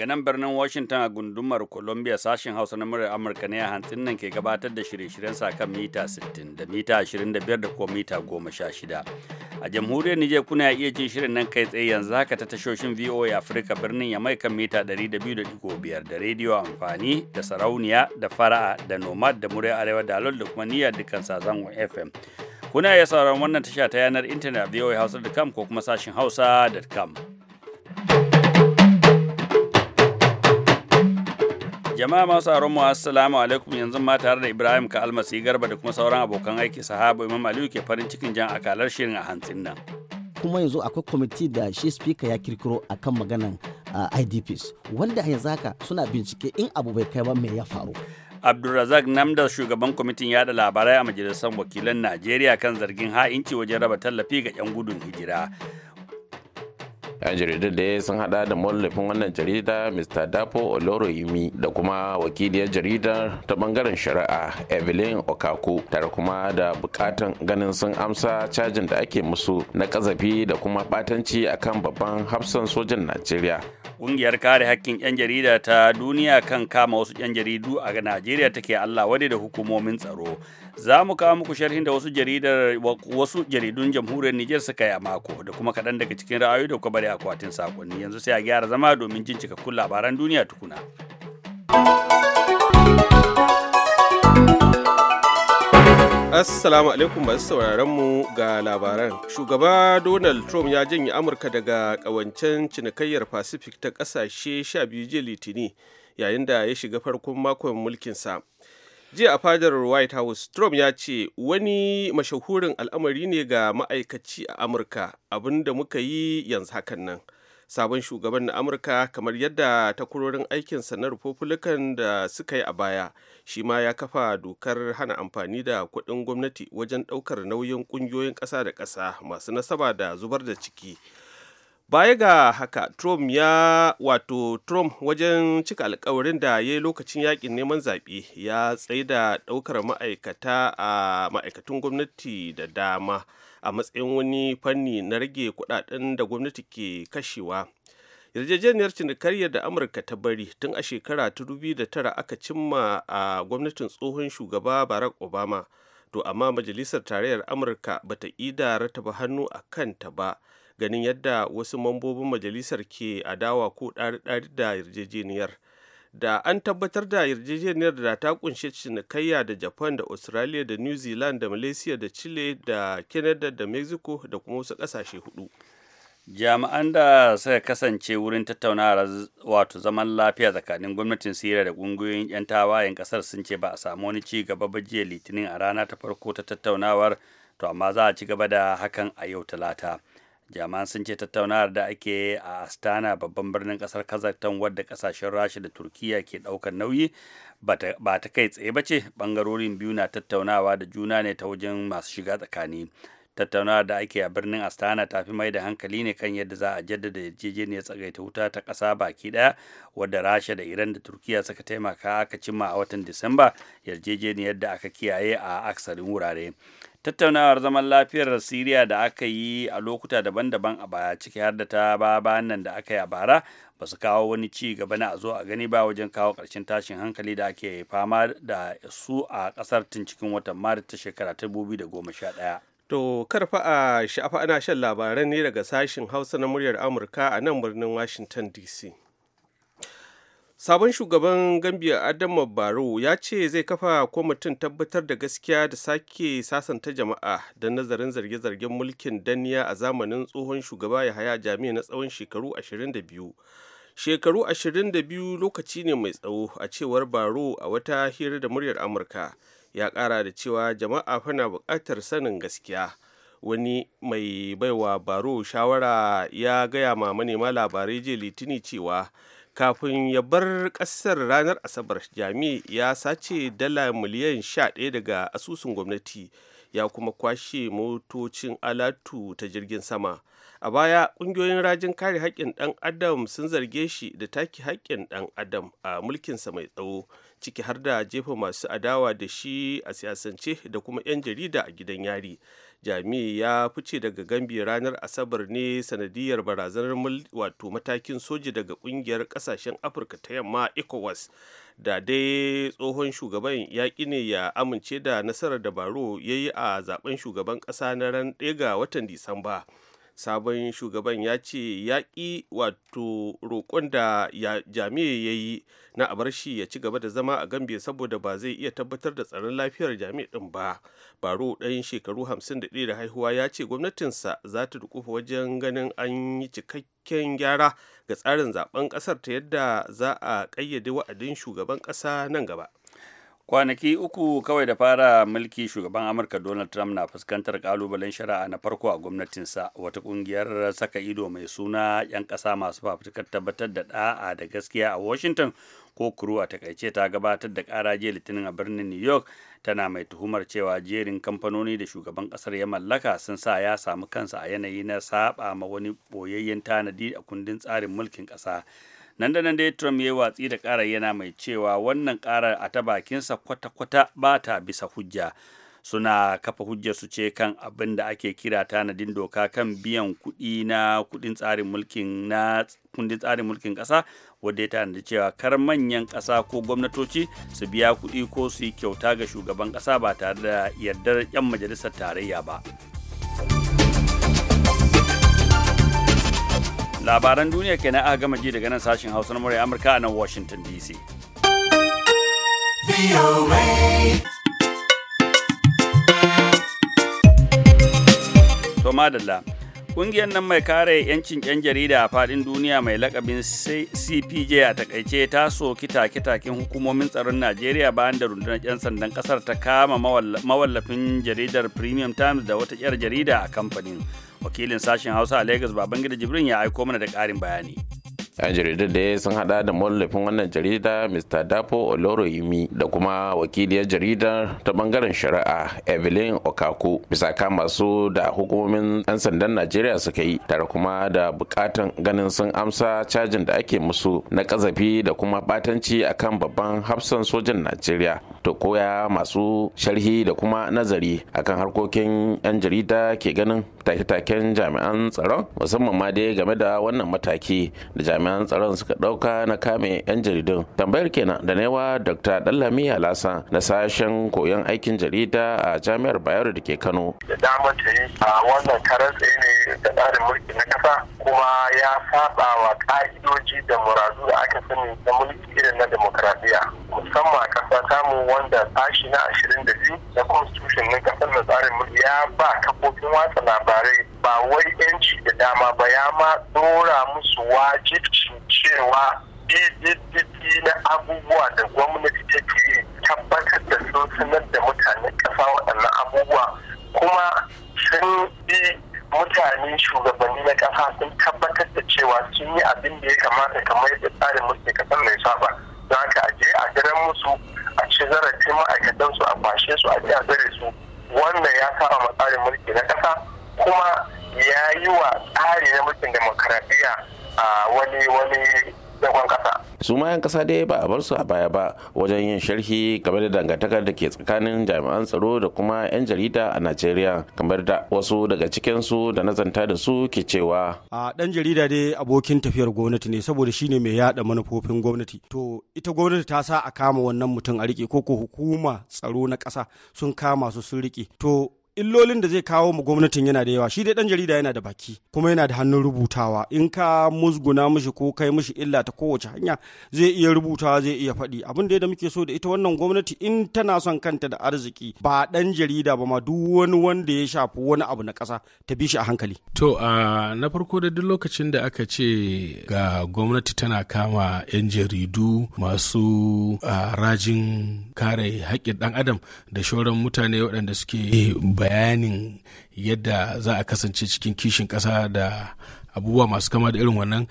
daga nan birnin washington a gundumar columbia sashen hausa na murar amurka ne a hantsin nan ke gabatar da shirye-shiryen sa kan mita 60 da mita 25 da kuma mita 16 a jamhuriyar nijar kuna iya jin shirin nan kai tsaye yanzu haka ta tashoshin voa afirka birnin ya mai kan mita 200.5 da rediyo amfani da sarauniya da fara'a da nomad da muryar arewa da da kuma niyya dukkan sazangon fm kuna iya sauran wannan tasha ta yanar intanet voa hausa.com ko kuma sashin hausa.com Jama'a masu aron mu assalamu alaikum yanzu ma tare da Ibrahim ka almasi garba da kuma sauran abokan aiki sahaba Imam Aliyu ke farin cikin jan akalar shirin a hantsin nan. Kuma yanzu akwai kwamiti da shi speaker ya kirkiro a akan maganan uh, IDPs wanda yanzu haka suna bincike in abu bai kai ba me ya faru. Abdulrazak Namdar shugaban kwamitin yada labarai a majalisar wakilan Najeriya kan zargin ha'inci wajen raba tallafi ga 'yan gudun hijira. yan jaridar da sun hada da mallafin wannan jarida mr dapo oloroyimi da kuma wakiliyar jaridar ta bangaren shari'a evelyn okaku tare kuma da bukatan ganin sun amsa cajin da ake musu na kazafi da kuma batanci akan babban hafsan sojan najeriya Ƙungiyar kare hakkin 'yan jarida ta duniya kan kama wasu 'yan jaridu a Najeriya take Allah wade da hukumomin tsaro. za mu kawo muku sharhin da wasu jaridar wasu jaridun jamhuriyar Nijar suka yi a mako da kuma kaɗan daga cikin ra'ayoyi da kuma bari akwatin sakonni yanzu sai a gyara zama domin jin cikakkun labaran duniya tukuna. Assalamu alaikum masu sauraron mu ga labaran. Shugaba Donald Trump ya janye Amurka daga ƙawancen cinikayyar Pacific ta ƙasashe 12 jiya Litini yayin da ya shiga farkon makon mulkinsa. sa. jiya a fadar white house trump ya ce wani mashahurin al'amari ne ga ma'aikaci a amurka abinda muka yi yanzu hakan nan sabon shugaban na amurka kamar yadda takwarorin aikin na republican da suka yi a baya shi ma ya kafa dokar hana amfani da kuɗin gwamnati wajen ɗaukar nauyin ƙungiyoyin ƙasa da ƙasa masu nasaba da zubar da ciki baya ga haka trump ya wato trump wajen cika alkawarin da ya yi lokacin yakin neman zaɓe ya tsaye da ɗaukar ma'aikata a ma'aikatun gwamnati da dama a matsayin wani fanni na rage kudaden da gwamnati ke kashewa yarjejeniyar karyar da amurka ta bari tun a shekara ta tara aka cimma a gwamnatin tsohon shugaba barack obama to amma majalisar tarayyar amurka bata da rataba hannu a kanta ba ganin yadda wasu mambobin majalisar ke adawa ko ɗari-ɗari da yarjejeniyar da an tabbatar da yarjejeniyar da ta kunshi cinikayya da japan da australia da new zealand da malaysia da chile da canada da mexico da kuma wasu kasashe hudu jami'an da suka kasance wurin tattaunawa wato zaman lafiya tsakanin gwamnatin sira da ƙungiyoyin 'yan tawayen ƙasar sun ce ba a samu wani ci gaba ba jiya litinin a rana ta farko ta tattaunawar to amma za a ci gaba da hakan a yau talata jama'an sun ce tattaunawar da ake a astana babban birnin kasar kazakhstan wadda kasashen rasha da turkiya ke daukar nauyi ba ta kai tsaye ba ce bangarorin biyu na tattaunawa da juna ne ta wajen masu shiga tsakani tattaunawa da ake a birnin astana ta fi mai da hankali ne kan yadda za a jaddada yarjejeniyar tsagaita wuta ta ƙasa baki ɗaya wadda rasha da iran da turkiya suka taimaka aka cimma a watan disamba yarjejeniyar da aka kiyaye a aksarin wurare tattaunawar zaman lafiyar siriya da aka yi a lokuta daban-daban a baya ciki har da ta ba nan da aka yi a bara ba su kawo wani ci gaba na a zo a gani ba wajen kawo ƙarshen tashin hankali da ake fama da su a ƙasar tun cikin watan maris ta shekara ta 2011 To karfa a shafa ana shan labaran ne daga sashin Hausa na muryar Amurka a nan birnin Washington DC. sabon shugaban gambia Adamu baro ya ce zai kafa kwamitin tabbatar da gaskiya da sake sasanta jama'a da nazarin zarge-zargen mulkin danniya a zamanin tsohon shugaba ya haya jami'a na tsawon shekaru 22 shekaru 22 lokaci ne mai tsawo a cewar baro a wata hira da muryar amurka ya kara da cewa jama'a fana buƙatar sanin gaskiya wani mai baiwa baro shawara ya gaya ma manema labarai jiya litini cewa kafin ya bar ƙasar ranar asabar jami ya sace dala miliyan 11 daga asusun gwamnati ya kuma kwashe motocin alatu ta jirgin sama a baya ƙungiyoyin rajin kare haƙƙin ɗan adam sun zarge shi da taki haƙƙin ɗan adam a mulkinsa mai tsawo ciki har da jefa masu adawa da shi a siyasance da kuma 'yan jarida a gidan yari jami ya fice daga gambi ranar asabar ne sanadiyar barazanar wato matakin soji daga kungiyar kasashen afirka ta yamma ecowas da dai tsohon shugaban yaƙi ne ya amince da nasarar dabaru ya yi a zaben shugaban ƙasa na ran ɗaya ga watan disamba sabon shugaban ya ce ya ƙi wato roƙon da jami'a ya yi na a bar shi ya ci gaba da zama a gambe saboda ba zai iya tabbatar da tsaron lafiyar jami'a ɗin ba baro ɗan shekaru 51 da haihuwa ya ce gwamnatinsa za ta dukufa wajen ganin an yi cikakken gyara ga tsarin zaben ƙasar ta yadda za a ƙayyade wa'adin shugaban ƙasa nan gaba kwanaki uku kawai da fara mulki shugaban amurka donald trump na fuskantar kalubalen shari'a na farko a gwamnatinsa wata kungiyar saka ido mai suna 'yan ƙasa masu fafutukar tabbatar da ɗa'a da gaskiya a washington ko kuru a takaice ta gabatar da ƙara jiya litinin a birnin new york tana mai tuhumar cewa jerin kamfanoni da shugaban ƙasar ya mallaka sun sa ya samu kansa a yanayi na saba ma wani boyayyen tanadi a kundin tsarin mulkin ƙasa nan da nan dai trump ya yi watsi da ƙara yana mai cewa wannan ƙarar a ta bakinsa kwata-kwata ba ta bisa hujja suna kafa hujjar su ce kan abin da ake kira tanadin doka kan biyan kuɗi na kuɗin tsarin mulkin na kundin tsarin mulkin ƙasa wadda ya tanadi cewa kar manyan ƙasa ko gwamnatoci su biya kuɗi ko su yi kyauta ga shugaban ƙasa ba tare da yardar 'yan majalisar tarayya ba labaran duniya kena aka gama ji daga nan sashen hausa na murya amurka a nan washington dc to madalla Ƙungiyar nan mai kare 'yancin 'yan jarida a fadin duniya mai lakabin CPJ a takaice ta soki take-taken hukumomin tsaron Najeriya bayan da rundunar 'yan sandan kasar ta kama mawallafin jaridar Premium Times da wata 'yar jarida a kamfanin. wakilin sashen hausa a lagos babangida jibrin ya aiko mana da ƙarin bayani yan jaridar da sun hada da mallafin wannan jarida mr dapo oloroyimi da kuma wakiliyar jaridar ta bangaren shari'a evelyn okaku bisa kama masu da hukumomin yan sandan najeriya suka yi tare kuma da bukatan ganin sun amsa cajin da ake musu na kazafi da kuma batanci akan babban hafsan sojan najeriya to koya masu sharhi da kuma nazari akan harkokin yan jarida ke ganin take-taken jami'an tsaron musamman ma dai game da wannan mataki da jami'an jami'an tsaron suka ɗauka na kame 'yan jaridun tambayar kenan da newa dr dallami alasa na sashen koyon aikin jarida a jami'ar bayero da ke kano da dama ce a wannan karar ne da tsarin mulki na kasa kuma ya saba wa ka'idoji da muradu da aka sani na mulki irin na demokradiyya musamman a kasa tamu wanda sashi na ashirin da biyu na constitution na kasar da tsarin mulki ya ba kafofin watsa labarai ba wai yanci da dama ba ya ma dora musu wajibci su cewa diddiddi na abubuwa da gwamnati take yi tabbatar da sun sanar da mutane kasa waɗannan abubuwa kuma sun bi mutane shugabanni na ƙasa sun tabbatar da cewa sun yi abin da ya kamata kamar yadda tsarin mulki kasar mai saba za ka a je a daren musu a ci zarafin ma'aikatan su a kwashe su a ji a zare su wannan ya saba ma tsarin mulki na kasa kuma ya yi wa tsari na mulkin demokaradiyya wani wani yankon kasa su ma 'yan kasa dai ba a bar su a baya ba wajen yin sharhi game da dangantakar da ke tsakanin jami'an tsaro da kuma 'yan jarida a najeriya kamar da wasu daga cikinsu da nazanta da su ke cewa a dan jarida dai abokin tafiyar gwamnati ne saboda shine mai yada manufofin gwamnati to ita gwamnati ta sa a kama wannan mutum a rike ko ko hukuma tsaro na kasa sun kama su sun rike to illolin da zai kawo mu gwamnatin yana da yawa shi dai dan jarida yana da baki kuma yana da hannun rubutawa in ka musguna mishi ko kai mishi illa ta kowace hanya zai iya rubutawa zai iya faɗi abin da muke so da ita wannan gwamnati in tana son kanta da arziki ba dan jarida ba ma duk wani wanda ya shafi wani abu na ƙasa ta bi shi a hankali to a na farko da duk lokacin da aka ce ga gwamnati tana kama 'yan jaridu masu rajin kare haƙƙin ɗan adam da shoran mutane waɗanda suke bayanin yadda za a kasance cikin kishin ƙasa da abubuwa masu kama da irin wannan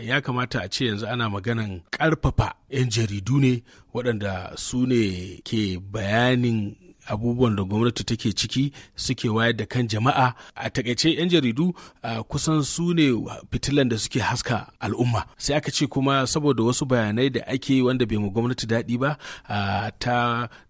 ya kamata a ce yanzu ana maganan ƙarfafa 'yan jaridu ne waɗanda su ne ke bayanin abubuwan da gwamnati take ciki suke wayar da kan jama'a a takaice 'yan jaridu kusan su ne fitilan da suke haska al'umma sai aka ce kuma saboda wasu bayanai da ake yi wanda bai mu gwamnati daɗi ba ta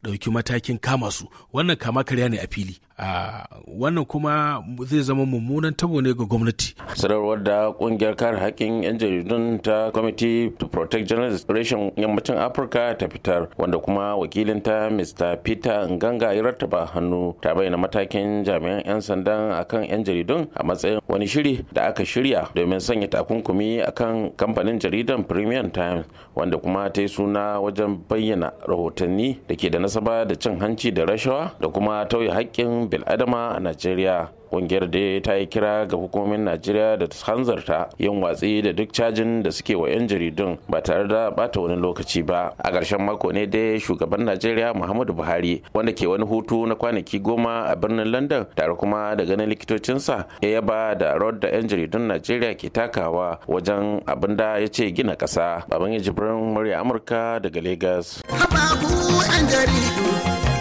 ɗauki matakin kama su wannan kama karya ne a fili Ah, wannan kuma zai zama mummunan tabo ne ga gwamnati sadarwar da kungiyar kare haƙƙin 'yan jaridun ta committee to protect journalists reshen yammacin afirka ta fitar wanda kuma wakilinta mr peter nganga ya rattaba hannu ta bayyana matakin jami'an 'yan sandan akan 'yan jaridun a matsayin wani shiri da aka shirya domin sanya takunkumi akan kamfanin jaridan premium times wanda kuma ta yi suna wajen bayyana rahotanni da ke da nasaba da cin hanci da rashawa da kuma tauye haƙƙin bil'adama a najeriya ƙungiyar da ta yi kira ga hukumomin najeriya da ta hanzarta yin watsi da duk cajin da suke wa 'yan jaridun ba tare da bata wani lokaci ba a ƙarshen mako ne dai shugaban najeriya muhammadu buhari wanda ke wani hutu na kwanaki goma a birnin london tare kuma da ganin likitocinsa ya yaba da rod da 'yan jaridun najeriya ke takawa wajen abin da ya ce gina ƙasa baban ya jibrin murya amurka daga lagos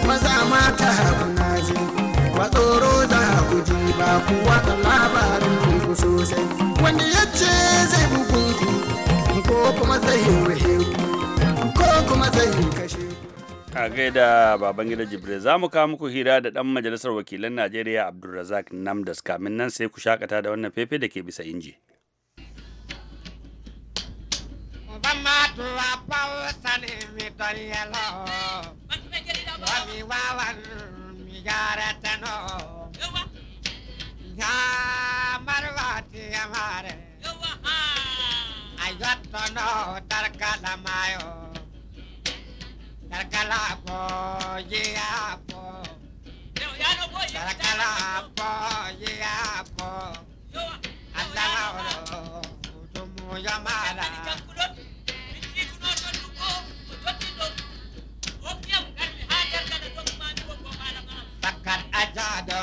maza mata guji ba ku watsa labarin ku sosai wanda ya ce zai bugun ku ko kuma zai rahe ku ko kuma zai kashe a gaida baban gida jibril za mu kawo muku hira da dan majalisar wakilan najeriya abdulrazak namdas kamin nan sai ku shakata da wannan fefe da ke bisa inji Obamatu apausani mitoyelo Wamiwawan tano. मरवाती हमारे ಐವತ್ತು ನೋವು ತರ್ಕಲ ಮಾಯೋ ತರ್ಕಲ ಪೋಜಿಯಾಪೋ ತರ್ಕಲ ಪೋಜಿಯಾಪೋ ಅಲ್ಲವರು ಕುಟುಂಬ ಮಾರ ಸಕ್ಕರ್ ಅಜಾದೋ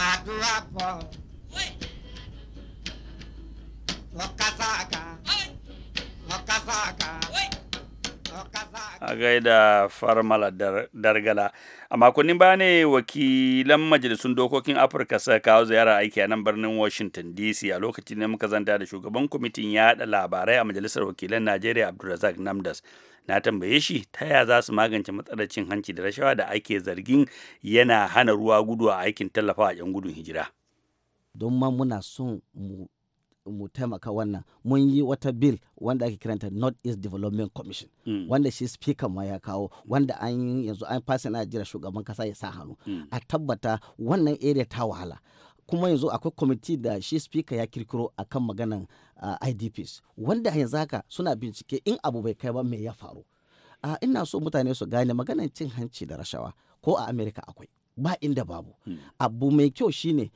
a gaida farmala dargala a makonnin baya ne wakilan majalisun dokokin afirka saka kawo ziyara aiki a nan birnin washington dc a lokacin da muka zanta da shugaban kwamitin yaɗa labarai a majalisar wakilan najeriya abdulrazak namdas na tambaye shi ta ya za su magance matsalar cin hanci da rashawa da ake zargin yana hana ruwa gudu a aikin tallafa a 'yan gudun hijira don ma muna son mu taimaka wannan mun yi wata bill wanda ake kiranta north east development commission mm. wanda shi speaker ma ya kawo wanda an yanzu an fasa na jira shugaban kasa ya sa hannu mm. a tabbata wannan area ta wahala kuma yanzu akwai kwamiti da shi speaker ya kirkiro a kan maganan uh, ah, idps wanda yanzu haka suna bincike in abu bai kai ba me ya faru uh, ina so mutane su gane maganan cin hanci da rashawa ko a america akwai ba inda babu hmm. abu mai kyau shine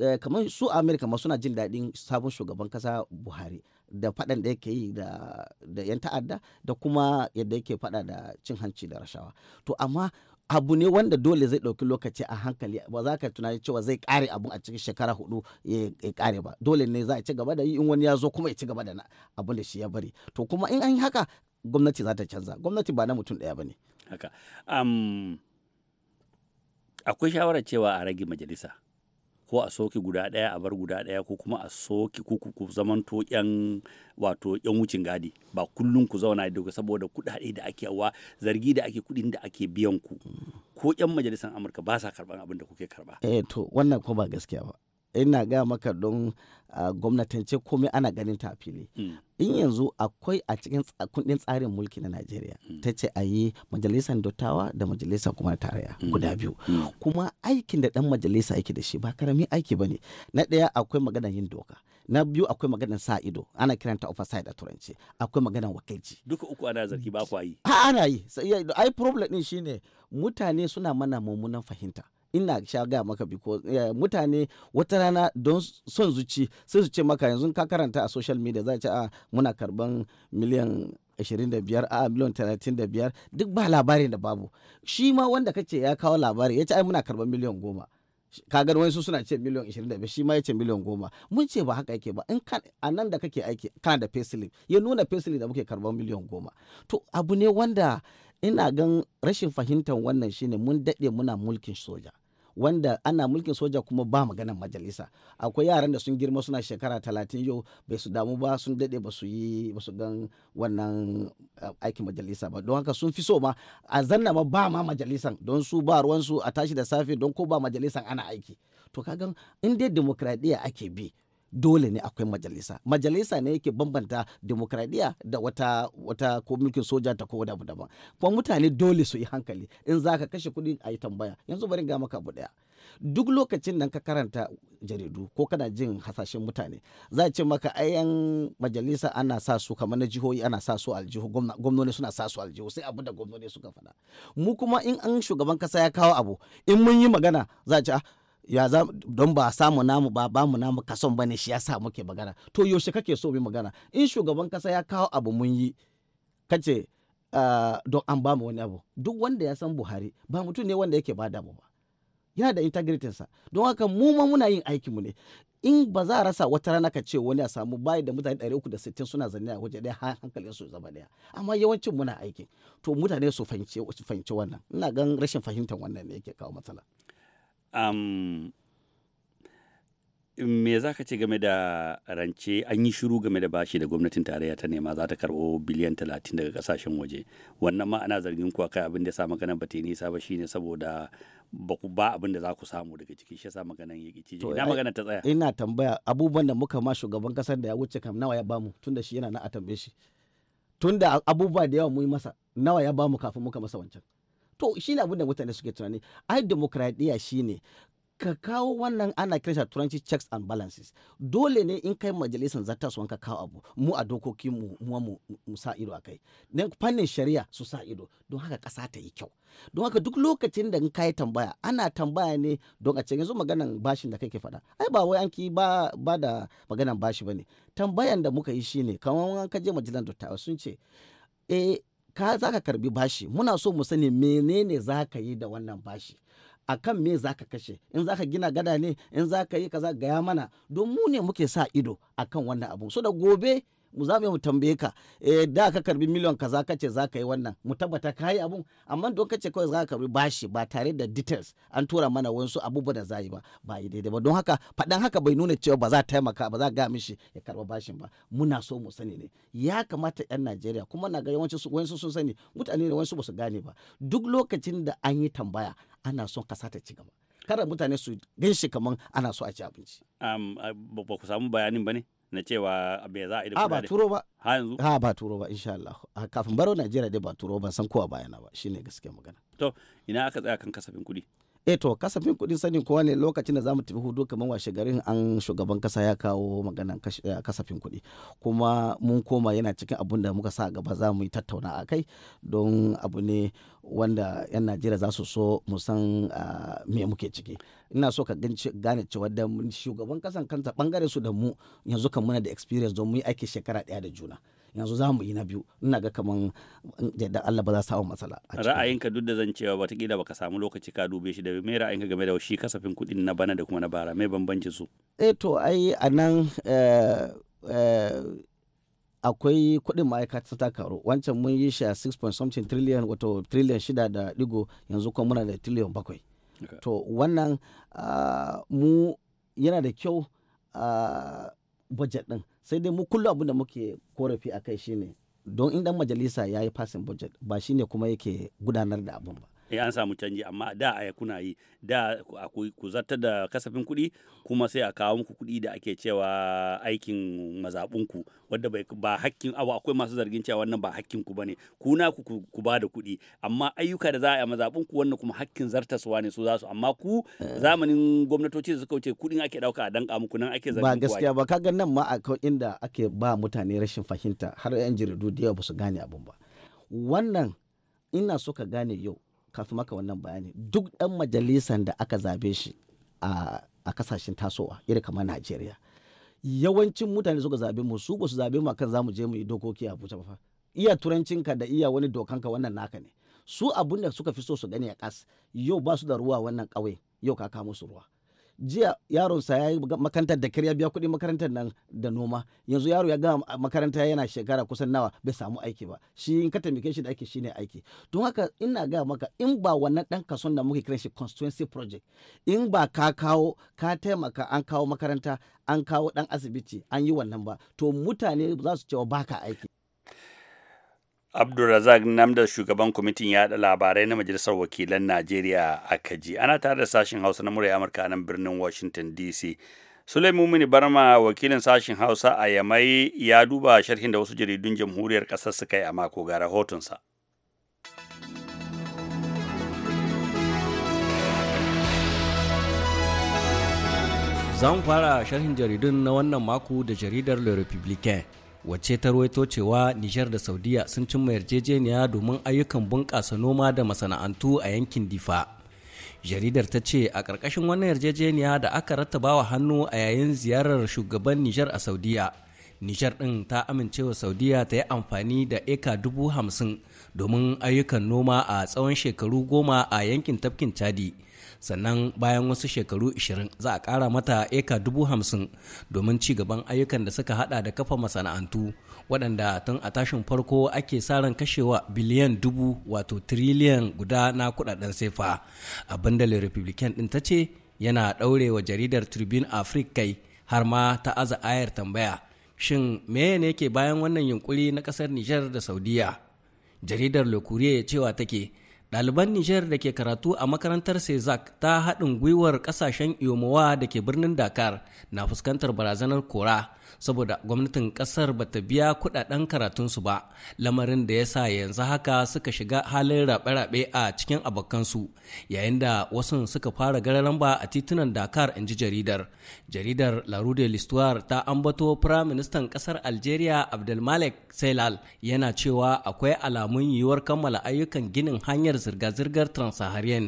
uh, kamar su a america ma suna jin daɗin sabon shugaban kasa buhari da faɗan da yake yi da 'yan ta'adda da kuma yadda yake faɗa da cin hanci da rashawa to amma abu ne wanda dole zai ɗauki lokaci a hankali ba za ka tunani cewa zai kare abu a cikin shekara hudu ya kare ba dole ne za a ci gaba da yi in wani ya zo kuma ya ci gaba da abin da shi ya bari to kuma in an yi haka gwamnati za ta canza gwamnati ba na mutum ɗaya ba ne akwai shawarar cewa a rage majalisa ko a soke guda ɗaya a bar guda ɗaya ko kuma a soke ko ku zamanto yan wato yan wucin gadi ba kullum ku zauna da saboda kuɗaɗe da ake wa zargi da ake kuɗin da ake biyan ku ko yan majalisar amurka ba sa karɓan abin da kuke karɓa. eh to wannan ko ba gaskiya ba ina gaya maka don uh, gwamnatance komai ana ganin ta fili hmm. in yanzu akwai a cikin kundin tsarin mulki na najeriya hmm. ta ce a yi majalisar dottawa da majalisar kuma tarayya hmm. guda biyu kuma aikin da dan majalisa yake da shi ba karamin aiki ba ne na ɗaya akwai magana yin doka na biyu akwai maganar sa ido ana kiranta oversight a turanci akwai maganar wakilci duka uku ana zargi ba ku yi ana yi ai problem din shine mutane suna mana mummunan fahimta ina sha ga maka biko eh, mutane wata rana don son zuci sai su ce maka yanzu ka karanta a social media za ci ce a ah, muna karban miliyan 25 a miliyan 35 duk ba labarin da babu shi ma wanda kace ya kawo labari ya ce ai muna karban miliyan goma kagar wani suna ce miliyan 25 shi ma ya ce miliyan goma mun ce ba haka yake ba in kan a nan da kake aiki kana da payslip ya nuna payslip da muke karban miliyan goma to abu ne wanda ina gan rashin fahimtar wannan shine mun daɗe muna mulkin soja wanda ana mulkin soja kuma ba maganan majalisa akwai yaran da sun girma suna shekara talatin yau bai su damu ba sun dade ba su yi ba su gan wannan aikin majalisa ba don haka sun fi so ma a zanna ma ba ma majalisan don su ba ruwansu a tashi da safe don ko ba majalisan ana aiki to kagan in dai demokradiyya ake bi dole ne akwai majalisa majalisa ne yake bambanta demokradiya da wata wata ko mulkin soja ta ko wani daban kuma mutane dole su yi hankali in za ka kashe kuɗi a yi tambaya yanzu bari ga maka abu ɗaya duk lokacin nan ka karanta jaridu ko kana jin hasashen mutane za ce maka ayan majalisa ana sa su kamar na jihohi ana sa su aljihu gwamnoni suna sa su aljihu sai abu da gwamnoni suka faɗa mu kuma in an shugaban kasa ya kawo abu in mun yi magana za a ce ah, ya za don ba samu namu ba ba mu namu kason bane shi ya yasa muke magana to yaushe kake so mu magana in shugaban kasa ya kawo abu mun yi kace ah, don an bamu wani abu duk wanda ya san Buhari ba mutum ne wanda yake bada mu ba yana da integrity sa don haka mu ma muna yin mu ne in ba za a rasa wata rana ka ce wani a samu bayi da mutane 360 suna zanne a waje ɗaya hankalin su zama ɗaya amma yawancin muna aikin to mutane su fahimci wannan ina gan rashin fahimtar wannan ne yake kawo matsala um, me za ka ce game da rance an yi shiru game da bashi da gwamnatin tarayya ta nema za ta karɓo biliyan talatin daga kasashen waje wannan ma ana zargin kuwa kai abin da sa maganar ba ta nisa ba shine saboda ba ku ba abin da za ku samu daga ciki shi sa maganar ya ciki. ina magana ta tsaya ina tambaya abubuwan da muka ma shugaban kasar da ya wuce kam nawa ya bamu tunda shi yana na a tambaye shi tunda abubuwa da yawa mu yi masa nawa ya bamu kafin muka masa wancan to shi ne abin da mutane suke tunani ai demokradiyya shine ka kawo wannan ana kiran shi turanci checks and balances dole ne in kai majalisar su ka kawo abu mu a dokoki mu mu mu sa ido akai dan fannin shari'a su sa ido don haka kasa ta yi kyau don haka duk lokacin da in kai tambaya ana tambaya ne don a ce yanzu maganan bashin da kake faɗa ai ba wai an ki ba ba da maganan bashi bane tambayan da muka yi shine kamar an ka je majalisar dattawa sun ce eh ka za ka karbi bashi muna so mu sani menene za ka yi da wannan bashi a kan me za ka kashe in za ka gina gada ne in za ka yi kaza gaya mana don mu ne muke sa ido a kan wannan abu so da gobe mu za mu tambaye ka eh da ka karbi miliyan kaza ka ce za ka yi wannan mu tabbata ka yi abun amma don ka ce kawai za ka karbi bashi ba tare da details an tura mana wasu abubuwa da za yi ba ba yi daidai ba don haka faɗan haka bai nuna cewa ba za ta taimaka ba za ga mishi ya karba bashin ba muna so mu sani ne ya kamata yan Najeriya kuma na ga yawanci wasu sun sani mutane ne wasu ba su gane ba duk lokacin da an yi tambaya ana son kasa ta ci gaba kada mutane su gan shi kaman ana so a ci abinci. ba ku samu bayanin ba ne? na cewa me za a yi da ba turo ba ha yanzu ha ba turo ba insha Allah kafin baro Najeriya dai ba turo ba san kowa bayana ba shine gaskiya magana to ina aka tsaya kan kasafin kuɗi eh to kasafin kuɗin sanin kowa ne lokacin da za mu tafi hudu kamar washe garin an shugaban kasa ya kawo maganan eh, kasafin kuɗi kuma mun koma yana cikin abun da muka sa gaba za mu yi tattauna a kai don abu ne wanda 'yan najeriya za su so mu san ah, me muke ciki ina so ka gane cewa da shugaban kasan kanta bangare su da mu yanzu kan muna da experience don mu yi aiki shekara daya da juna yanzu za mu yi na biyu ina ga kaman da Allah ba za samu matsala ra'ayinka duk da zan cewa ba baka samu lokaci ka dube shi da mai ra'ayinka game da shi kasafin kuɗin na bana da kuma na bara mai bambancin su eh to ai anan eh, eh, akwai kuɗin ma'aikata ta karo wancan mun yi shi a 6.something trillion wato trillion shida da digo yanzu kuma muna da trillion bakwai to wannan mu yana da kyau a budget din sai dai mu kullum abin da muke korafi a kai shine don in dan majalisa ya yi fasin budget ba shine kuma yake gudanar da abun ba eh an samu canji amma da a kuna yi da ku zartar da kasafin kuɗi kuma sai a kawo muku kuɗi da ake cewa aikin mazaɓunku wadda ba hakkin abu akwai masu zargin cewa wannan ba hakkin ku bane ku na ku ku ba da kuɗi amma ayyuka da za a yi a mazaɓunku wannan kuma hakkin zartaswa ne su za su amma ku eh. zamanin gwamnatoci da suka wuce kuɗin ake ɗauka a danka muku nan ake zargin ba gaskiya ba kaga nan ma akwai inda ake ba mutane rashin fahimta har 'yan jiridu da yawa ba su gane abun ba wannan ina so ka gane yau kafin maka wannan bayani duk ɗan majalisan da aka zabe shi a kasashen tasowa iri kamar najeriya yawancin mutane suka zabe mu su ba su zabe mu akan zamu je mu yi dokoki a abuja ba iya turancinka da iya wani dokanka wannan naka ne su abun da suka fi so su gani a kas yau ba su da ruwa wannan ƙauye yau ka kawo musu ruwa jiya yaronsa ya yi makarantar da kariya biya kuɗin makarantar nan da noma yanzu yaro ya gama makaranta yana shekara kusan nawa bai samu aiki ba shi in ka taimake shi da ake shine aiki don haka ina gaya maka in ba wannan dan kason da muke kiran shi constituency project in ba ka kawo ka taimaka an kawo makaranta an kawo dan asibiti an yi wannan ba to mutane za su cewa baka aiki Abdulrazak Namda shugaban kwamitin yaɗa labarai na Majalisar Wakilan Najeriya a Kaji. Ana tare da sashen Hausa na murya Amurka nan birnin Washington DC. Sulaimu Mumini Barma wakilin sashen Hausa a Yamai ya duba sharhin da wasu jaridun jamhuriyar ƙasar suka yi a mako ga rahotonsa. Za fara sharhin jaridun na wannan mako da jaridar Le Republicain wacce ta ruwaito cewa Nijar da Saudiya sun cimma yarjejeniya domin ayyukan bunƙasa noma da masana'antu a yankin Difa. Jaridar ta ce a ƙarƙashin wannan yarjejeniya da aka rattabawa hannu a yayin ziyarar shugaban Nijar a Saudiya. Nijar ɗin ta amincewa Saudiya ta yi amfani da eka dubu hamsin domin ayyukan noma a tsawon shekaru goma a yankin tafkin Chadi. sannan bayan wasu shekaru 20 za a ƙara mata eka dubu hamsin domin ci gaban ayyukan da suka hada da kafa masana'antu waɗanda tun a tashin farko ake ran kashewa biliyan dubu wato tiriliyan guda na kudaden sefa abin da republican ɗin ta ce yana ɗaurewa jaridar tribune africa kai har ma ta aza ayar tambaya shin meye ne ke bayan wannan yunkuri na ƙasar niger da saudiya jaridar le cewa take Ɗaliban Nijar da ke karatu a makarantar Sezak ta haɗin gwiwar ƙasashen Iyomowa da ke birnin Dakar na fuskantar barazanar kora saboda gwamnatin ƙasar ba ta biya kuɗaɗen karatunsu ba, lamarin da ya sa yanzu haka suka shiga halin raɓe-raɓe a cikin abokansu, yayin da wasu suka fara gararan ba a titunan Dakar in ji jaridar. Jaridar La Rue ta ambato Firaministan ƙasar Algeria Abdelmalek Seilal yana cewa akwai alamun yiwuwar kammala ayyukan ginin hanyar zirga-zirgar Transaharian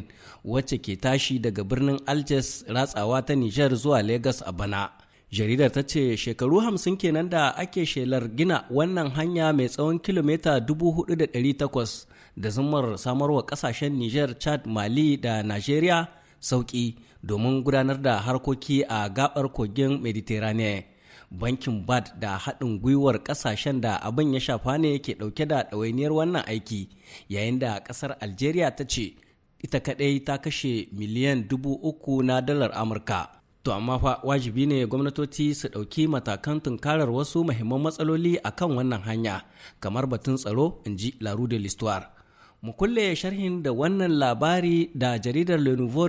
wacce ke tashi daga birnin Algiers ratsawa ta Nijar zuwa legas a bana. Jaridar ta ce shekaru hamsin kenan da ake shelar gina wannan hanya mai tsawon kilomita 4,800 da zumar samarwa kasashen Nijar, Chad, Mali da Najeriya Sauki, domin gudanar da harkoki a gabar kogin Mediterranean. bankin bad da haɗin gwiwar ƙasashen da abin ya shafa ne ke ɗauke da ɗawainiyar wannan aiki yayin da ƙasar algeria ta ce ita kaɗai ta kashe miliyan dubu uku na dalar amurka to amma fa wajibi ne gwamnatoci su ɗauki matakan tunkarar wasu muhimman matsaloli a kan wannan hanya kamar batun tsaro in ji laru de l'histoire mu kulle sharhin da wannan labari da jaridar le nouveau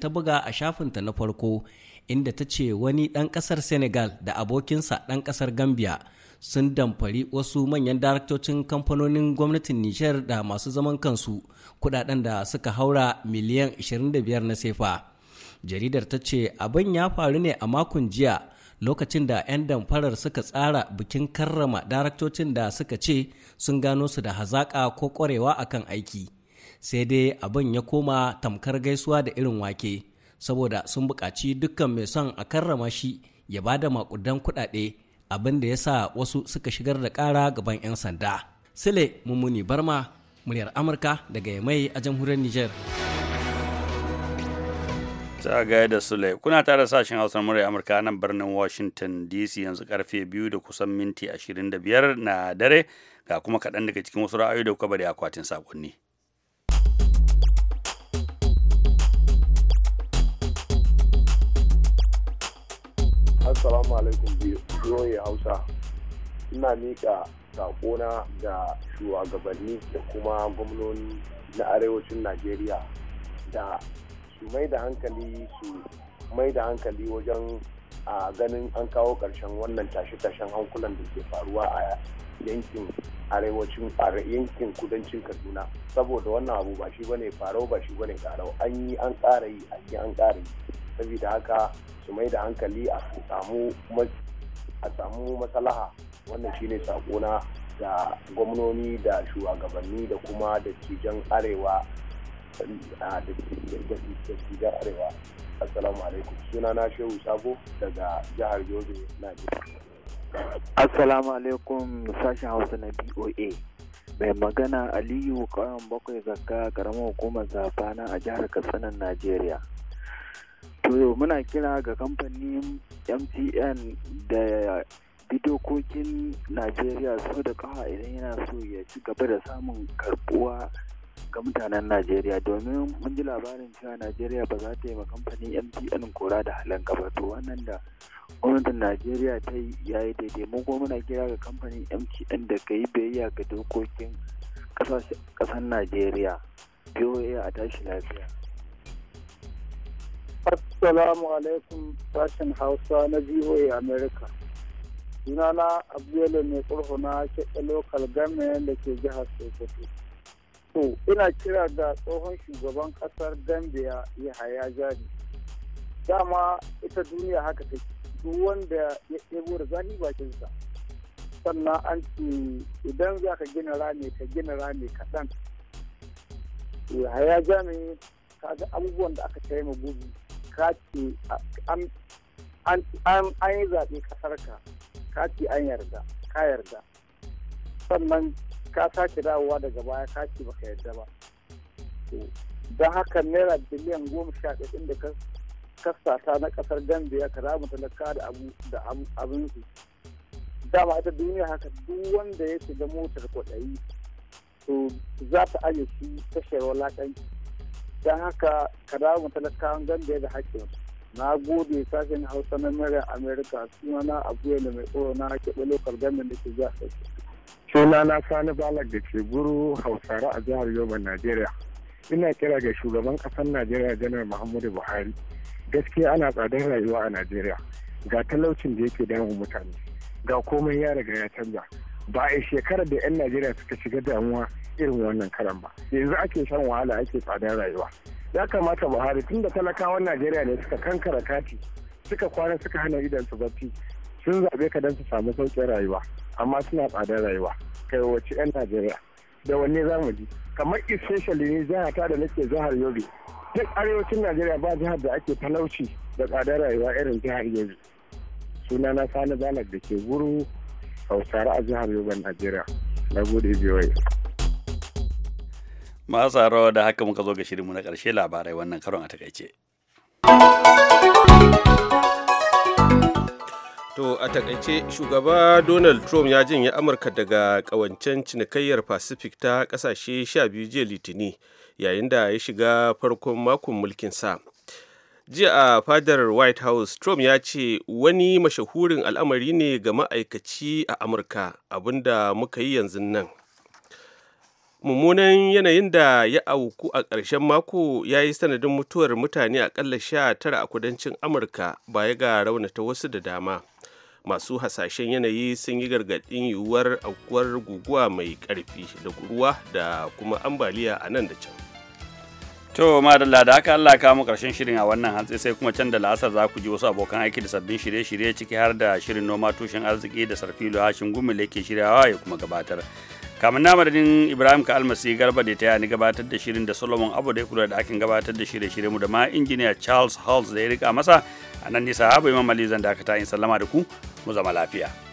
ta buga a shafinta na farko inda ta ce wani ɗan ƙasar Senegal da abokinsa ɗan ƙasar Gambia sun damfari wasu manyan daraktocin kamfanonin gwamnatin Nijar da masu zaman kansu kudaden da suka haura miliyan 25 na sefa. Jaridar ta ce abin ya faru ne a makon jiya lokacin da 'yan damfarar suka tsara bikin karrama daraktocin da suka ce sun gano su da hazaƙa ko ƙwarewa akan aiki. Sai dai abin ya koma tamkar gaisuwa da irin wake. saboda sun buƙaci dukkan mai son a karrama shi ya ba da makudan kuɗaɗe abinda ya sa wasu suka shigar da ƙara gaban 'yan sanda. Sile Mummuni Barma, muryar Amurka daga Yamai a jamhuriyar Nijar. Ta gaya da Sule, kuna tare sashen Hausar muryar Amurka nan birnin Washington DC yanzu karfe biyu da kusan minti 25 na dare ga kuma kaɗan daga cikin wasu ra'ayoyi da kuka bari akwatin sakonni Assalamu alaikum biyoyi Hausa. Ina miƙa saƙona ga shugabanni da kuma gwamnoni na arewacin Najeriya da su mai da hankali su mai da hankali wajen a ganin an kawo ƙarshen wannan tashe-tashen hankulan da ke faruwa a yankin arewacin yankin kudancin kaduna saboda wannan abu ba shi bane farau ba shi bane karau an yi an ƙara yi an yi an ƙara yi saboda haka su mai da hankali a samu a samu matsalaha wannan shine sakona da gwamnoni da shugabanni da kuma dattijan arewa da cijan arewa assalamu alaikum suna na shehu sabo daga jihar yobe na assalamu alaikum sashen hausa na boa mai magana aliyu kawon bakwai zakka karamar hukumar zafana a jihar katsinan najeriya to muna kira ga kamfanin mtn da bidokokin najeriya so da kawa idan yana so ya ci gaba da samun karbuwa ga mutanen najeriya domin mun ji labarin cewa najeriya ba za ta yi ma kamfanin mtn kora da halin gaba to wannan da gwamnatin najeriya ta yi ya yi daidai mu kuma muna kira ga kamfanin mtn da ka yi biyayya ga dokokin kasar najeriya boa a tashi lafiya Assalamu alaikum sashen Hausa na VOA America. Sunana Abdullahi mai kurhu na local lokal government da ke jihar Sokoto. To, ina kira da tsohon shugaban ƙasar Gambia Yahaya Jari. Dama ita duniya haka take duk wanda ya ɗebo da zani bakinsa. Sannan an ce idan za ka gina rami ka gina rami kaɗan. Yahaya Jami ga abubuwan da aka taimaka gudu ka ce an yi zaɓe ƙasar ka ce an yarda ka yarda sannan ka sake dawowa daga baya ka ce baka yarda ba don haka naira biliyan goma sha ɗaya inda ka kasata na kasar gambia ka ramu talaka da abin su dama ita duniya haka duk wanda ya shiga motar kwaɗayi to za ta aje shi tashar walakanci don haka ka dawo talakawan gande da hakkin na gode sashen hausa na muryar amerika na abuwa da mai tsoro na keɓe lokal gandun da ke jihar suna na sani balak da ke guru hausare a jihar yobe najeriya ina kira ga shugaban ƙasar najeriya janar muhammadu buhari gaskiya ana tsadar rayuwa a najeriya ga talaucin da yake damun mutane ga komai ya riga ya canza ba a shekarar da 'yan najeriya suka shiga damuwa irin wannan karan ba yanzu ake shan wahala ake tsadar rayuwa ya kamata buhari tunda talakawan najeriya ne suka kankara kati suka kwana suka hana idan su bacci sun zabe ka don su samu sauƙin rayuwa amma suna tsadar rayuwa kai wacce 'yan najeriya da wanne za mu ji kamar especially ni jiha ta da nake jihar yobe duk arewacin najeriya ba jihar da ake talauci da tsadar rayuwa irin jihar yobe sunana sani zanar da ke guru hausare a jihar Yoruba Najeriya na gode biyoyi masu rawa da haka muka zo ga shirinmu na ƙarshe labarai wannan karon a takaice To a takaice shugaba Donald Trump ya janye Amurka daga ƙawancen cinikayyar Pacific ta ƙasashe sha biyu jiya Litini yayin da ya shiga farkon makon mulkin mulkinsa. jiya a fadar white house trump ya ce wani mashahurin al'amari ne ga ma'aikaci a amurka abinda muka yi yanzu nan mummunan yanayin da ya auku a ƙarshen mako ya yi sanadin mutuwar mutane aƙalla sha tara a kudancin amurka baya ga raunata wasu da dama masu hasashen yanayi sun yi gargaɗin yiwuwar aukuwar guguwa mai ƙarfi da ruwa da kuma ambaliya a nan da can To madalla da haka Allah ka mu karshen shirin a wannan hantsi sai kuma can da la'asar za ku ji wasu abokan aiki da sabbin shirye-shirye ciki har da shirin noma tushen arziki da sarfilo hashin gumi da yake shiryawa ya kuma gabatar. kamin na madadin Ibrahim ka almasi garba da ta yani gabatar da shirin da Solomon Abu da ya kula da akin gabatar da shirye-shirye mu da ma injiniya Charles Halls da ya rika masa a nan nisa Habu Imam Ali zan dakata in sallama da ku mu zama lafiya.